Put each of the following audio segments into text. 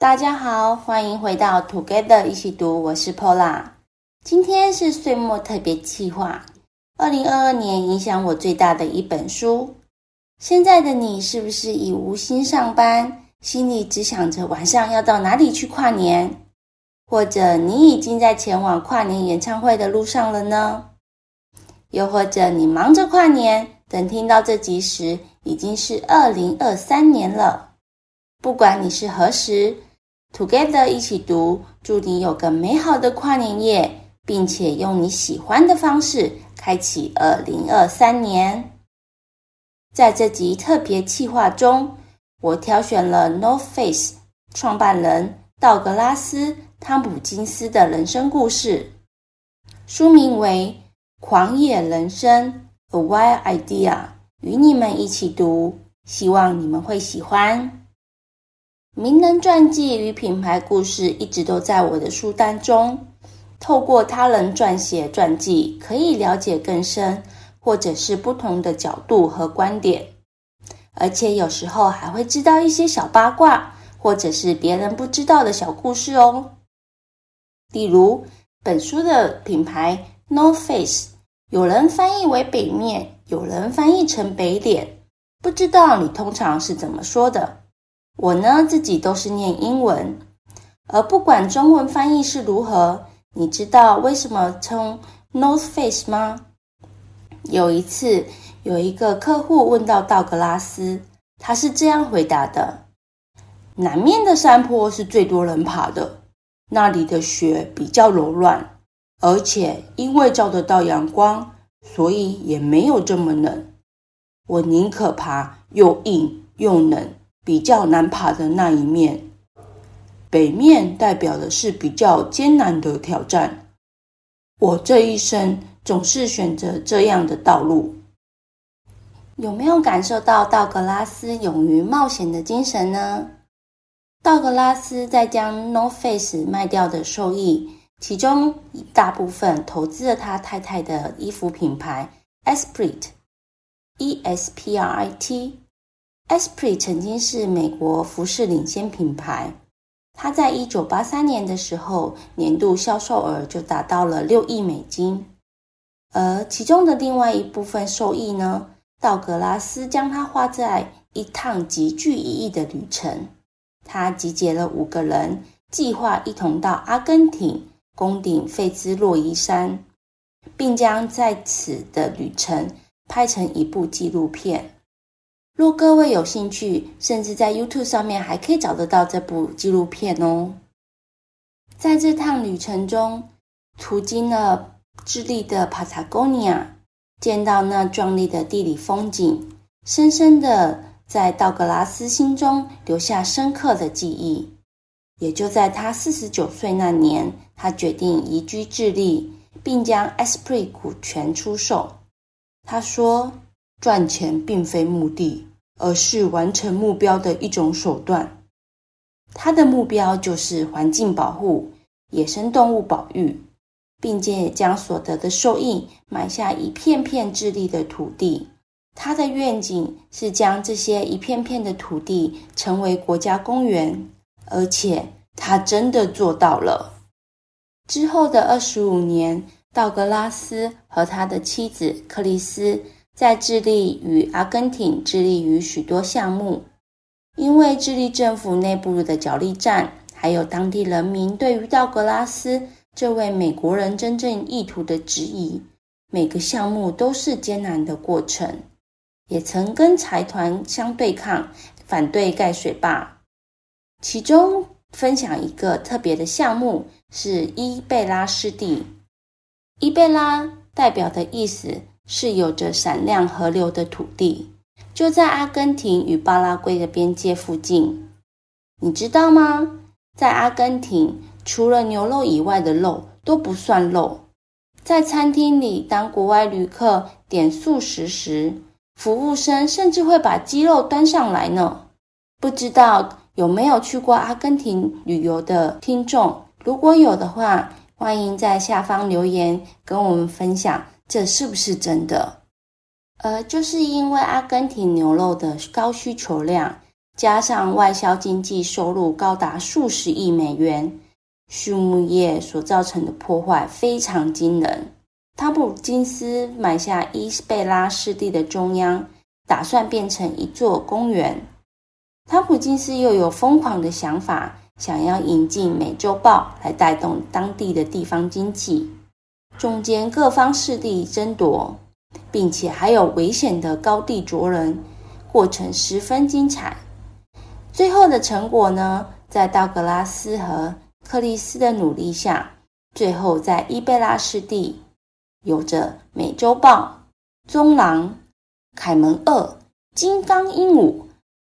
大家好，歡迎回到 Together 一起讀，我是 Paula。今天是歲末特別企劃，二零二二年影響我最大的一本書。現在的你是不是已無心上班，心裡只想着晚上要到哪裡去跨年？或者你已經在前往跨年演唱會的路上了呢？又或者你忙着跨年，等聽到這集時已經是二零二三年了？不管你是何時。Together 一起讀，祝你有個美好的跨年夜，並且用你喜歡的方式開啟二零二三年。在這集特別企劃中，我挑選了 North Face 創辦人道格拉斯湯普金斯的人生故事，書名為《狂野人生：A Wild Idea》，與你們一起讀，希望你們會喜歡。名人傳記與品牌故事一直都在我的書單中。透過他人撰寫傳記，可以了解更深，或者是不同的角度和觀點。而且有時候還會知道一些小八卦，或者是別人不知道的小故事哦。例如，本書的品牌 North Face，有人翻譯為北面，有人翻譯成北臉，不知道你通常是怎麼說的？我呢，自己都是念英文，而不管中文翻譯是如何。你知道為什麼稱 North Face 嗎？有一次，有一個客戶問到道格拉斯，他是這樣回答的：南面的山坡是最多人爬的，那裡的雪比較柔軟，而且因為照得到陽光，所以也沒有這麼冷。我寧可爬又硬又冷，比較難爬的那一面，北面代表的是比較艱難的挑戰。我這一生總是選擇這樣的道路。有沒有感受到道格拉斯勇於冒險的精神呢？道格拉斯在將 North Face 賣掉的收益，其中一大部分投資了他太太的衣服品牌 Esprit（E S P R I T）。Esprit 曾經是美國服飾領先品牌，它在一九八三年的時候，年度銷售額就達到了六億美金，而其中的另外一部分收益呢，道格拉斯將它花在一趟極具意義的旅程。他集結了五個人，計劃一同到阿根廷攻頂費茲洛伊山，並將在此的旅程拍成一部紀錄片。若各位有興趣，甚至在 YouTube 上面還可以找得到這部紀錄片哦。在這趟旅程中，途經了智利的帕塔哥尼亞，見到那壯麗的地理風景，深深地在道格拉斯心中留下深刻的記憶。也就在他四十九歲那年，他決定移居智利，並將 Esprit 股權出售。他說：“賺錢並非目的。”而是完成目標的一種手段。他的目標就是環境保護、野生動物保育，並且也將所得的收益買下一片片智利的土地。他的願景是將這些一片片的土地成為國家公園，而且他真的做到了。之後的二十五年，道格拉斯和他的妻子克里斯在智利與阿根廷致力於許多項目，因為智利政府內部的角力戰，還有當地人民對於道格拉斯這位美國人真正意圖的質疑，每個項目都是艱難的過程。也曾跟財團相對抗，反對蓋水壩。其中分享一個特別的項目是伊貝拉濕地。伊貝拉代表的意思，是有着閃亮河流的土地，就在阿根廷與巴拉圭的邊界附近。你知道嗎？在阿根廷，除了牛肉以外的肉都不算肉。在餐廳裡，當國外旅客點素食時，服務生甚至會把雞肉端上來呢。不知道有沒有去過阿根廷旅遊的聽眾？如果有的話，歡迎在下方留言跟我們分享。這是不是真的？呃，就是因為阿根廷牛肉的高需求量，加上外銷經濟收入高達數十億美元，畜牧業所造成的破壞非常驚人。湯普金斯買下伊斯貝拉濕地的中央，打算變成一座公園。湯普金斯又有瘋狂的想法，想要引進美洲豹來帶動當地的地方經濟。中間各方勢力爭奪，並且還有危險的高地着人，過程十分精彩。最後的成果呢，在道格拉斯和克里斯的努力下，最後在伊貝拉濕地，有着美洲豹、棕狼、凱門鱷、金剛鸚鵡、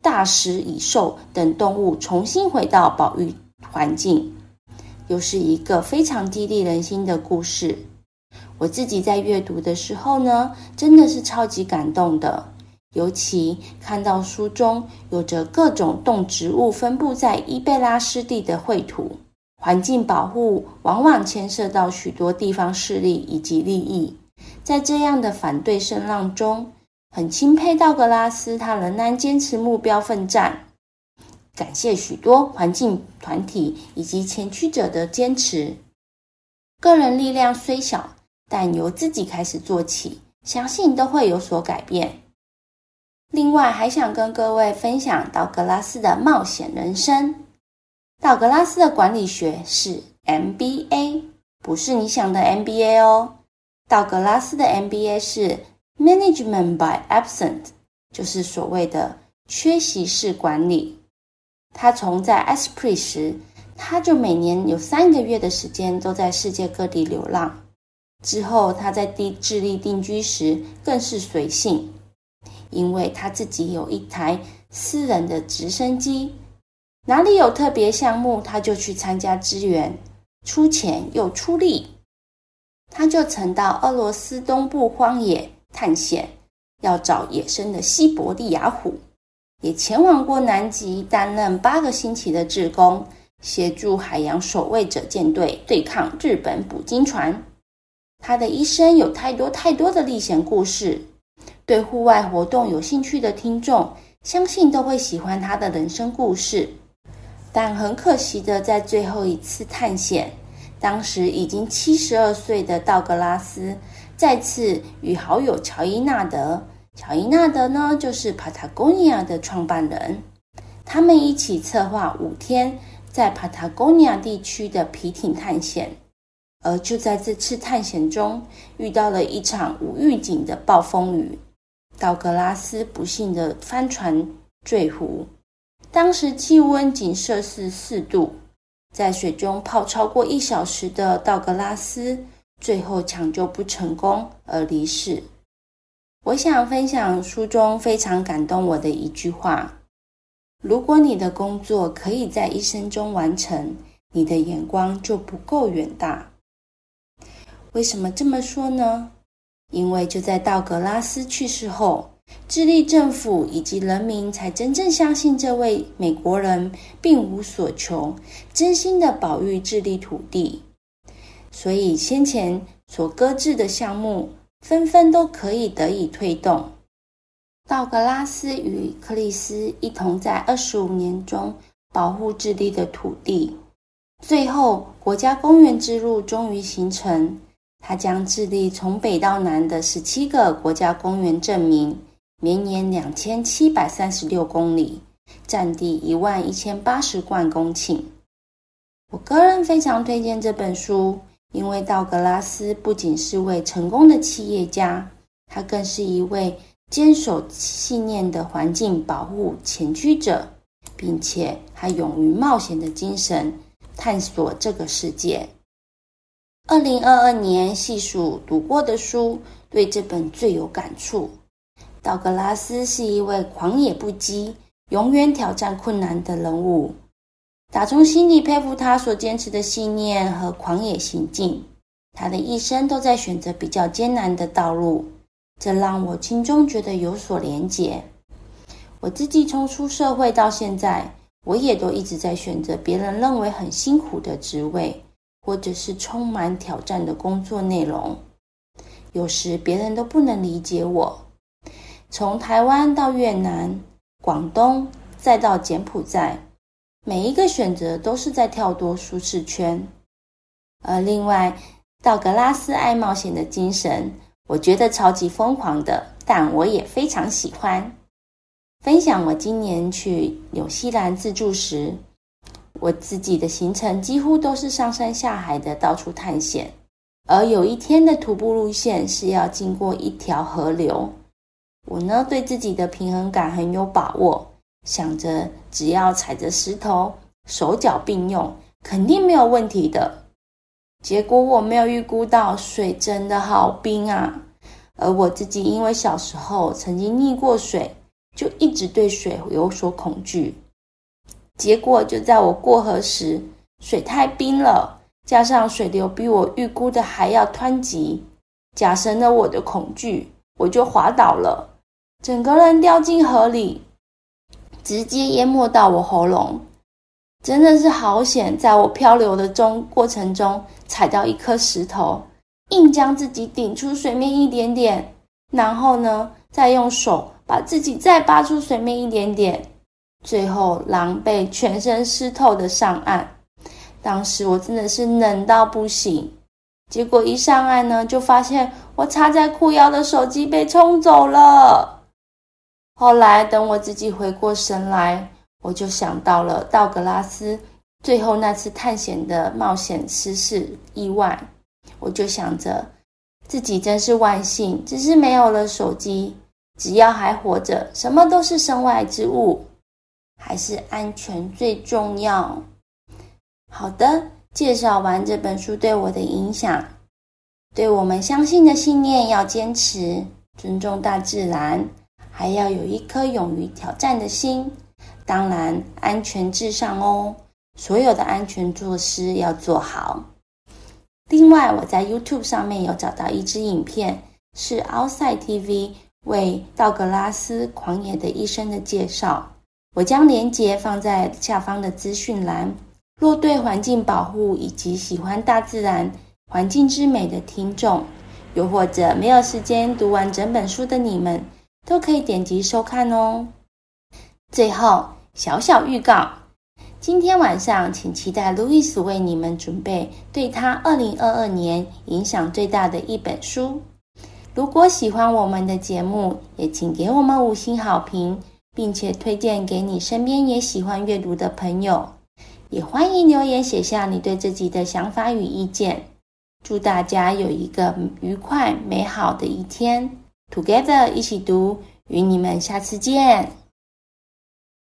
大食蟻獸等動物重新回到保育環境，又是一個非常激勵人心的故事。我自己在閱讀的時候呢，真的是超級感動的。尤其看到書中有着各種動植物分布在伊貝拉濕地的繪圖，環境保護往往牽涉到許多地方勢力以及利益，在這樣的反對聲浪中，很欽佩道格拉斯，他仍然堅持目標奮戰。感謝許多環境團體以及前驅者的堅持，個人力量雖小。但由自己開始做起，相信都會有所改變。另外，還想跟各位分享道格拉斯的冒險人生。道格拉斯的管理學是 MBA，不是你想的 MBA 哦。道格拉斯的 MBA 是 Management by Absence，就是所謂的缺席式管理。他從在 Esprit 時，他就每年有三個月的時間都在世界各地流浪。之後，他在智利定居時更是隨性，因為他自己有一台私人的直升機。哪裡有特別項目，他就去參加支援，出錢又出力。他就曾到俄羅斯東部荒野探險，要找野生的西伯利亞虎，也前往過南極，擔任八個星期的志工，協助海洋守衛者艦隊對抗日本捕鯨船。他的一生有太多太多的歷險故事，對戶外活動有興趣的聽眾，相信都會喜歡他的人生故事。但很可惜的，在最後一次探險，當時已經七十二歲的道格拉斯，再次與好友喬伊納德，喬伊納德呢，就是 Patagonia 的創辦人，他們一起策劃五天在 Patagonia 地區的皮艇探險。而就在這次探險中，遇到了一場無預警的暴風雨，道格拉斯不幸的翻船墜湖。當時氣溫僅攝氏四度，在水中泡超過一小時的道格拉斯，最後搶救不成功而離世。我想分享書中非常感動我的一句話：“如果你的工作可以在一生中完成，你的眼光就不夠遠大。”為什麼這麼說呢？因為就在道格拉斯去世後，智利政府以及人民才真正相信這位美國人並無所求，真心的保育智利土地。所以先前所擱置的項目，紛紛都可以得以推動。道格拉斯與克里斯一同在二十五年中保護智利的土地，最後國家公園之路終於形成。他將致力從北到南的十七個國家公園證明，綿延兩千七百三十六公里，占地一萬一千八十萬公頃。我個人非常推薦這本書，因為道格拉斯不僅是位成功的企業家，他更是一位堅守信念的環境保護前驅者，並且還勇於冒險的精神探索這個世界。二零二二年，細數讀過的書，對這本最有感觸。道格拉斯是一位狂野不羈、永遠挑戰困難的人物，打從心裡佩服他所堅持的信念和狂野行徑。他的一生都在選擇比較艱難的道路，這讓我心中覺得有所連結。我自己從出社會到現在，我也都一直在選擇別人認為很辛苦的職位。或者是充滿挑戰的工作內容，有時別人都不能理解我。從台灣到越南、廣東，再到柬埔寨，每一個選擇都是在跳脫舒適圈。而另外，道格拉斯愛冒險的精神，我覺得超級瘋狂的，但我也非常喜歡。分享我今年去紐西蘭自助時。我自己的行程幾乎都是上山下海的，到處探險。而有一天的徒步路線是要經過一條河流，我呢，對自己的平衡感很有把握，想着只要踩着石頭，手腳並用，肯定沒有問題的。結果我沒有預估到水真的好冰啊！而我自己因為小時候曾經溺過水，就一直對水有所恐懼。結果就在我過河時，水太冰了，加上水流比我預估的還要湍急，加深了我的恐懼，我就滑倒了，整個人掉進河裡，直接淹沒到我喉嚨，真的是好險！在我漂流的中過程中，踩到一顆石頭，硬將自己頂出水面一點點，然後呢，再用手把自己再扒出水面一點點。最後，狼狽、全身濕透的上岸。當時我真的是冷到不行。結果一上岸呢，就發現我插在褲腰的手機被沖走了。後來等我自己回過神來，我就想到了道格拉斯最後那次探險的冒險失事意外。我就想着自己真是萬幸，只是沒有了手機，只要還活着，什麼都是身外之物。還是安全最重要。好的，介紹完這本書對我的影響，對我們相信的信念要堅持，尊重大自然，還要有一顆勇於挑戰的心。當然，安全至上哦，所有的安全措施要做好。另外，我在 YouTube 上面有找到一支影片，是 Outside TV 為道格拉斯《狂野的醫生》的介紹。我將連結放在下方的資訊欄。若對環境保護以及喜歡大自然、環境之美的聽眾，又或者沒有時間讀完整本書的你們，都可以點擊收看哦。最後，小小預告：今天晚上，請期待 Louis 為你們準備對他二零二二年影響最大的一本書。如果喜歡我們的節目，也請給我們五星好評。並且推薦給你身邊也喜歡閱讀的朋友，也歡迎留言寫下你對自己的想法與意見。祝大家有一個愉快美好的一天，Together 一起讀，與你們下次見。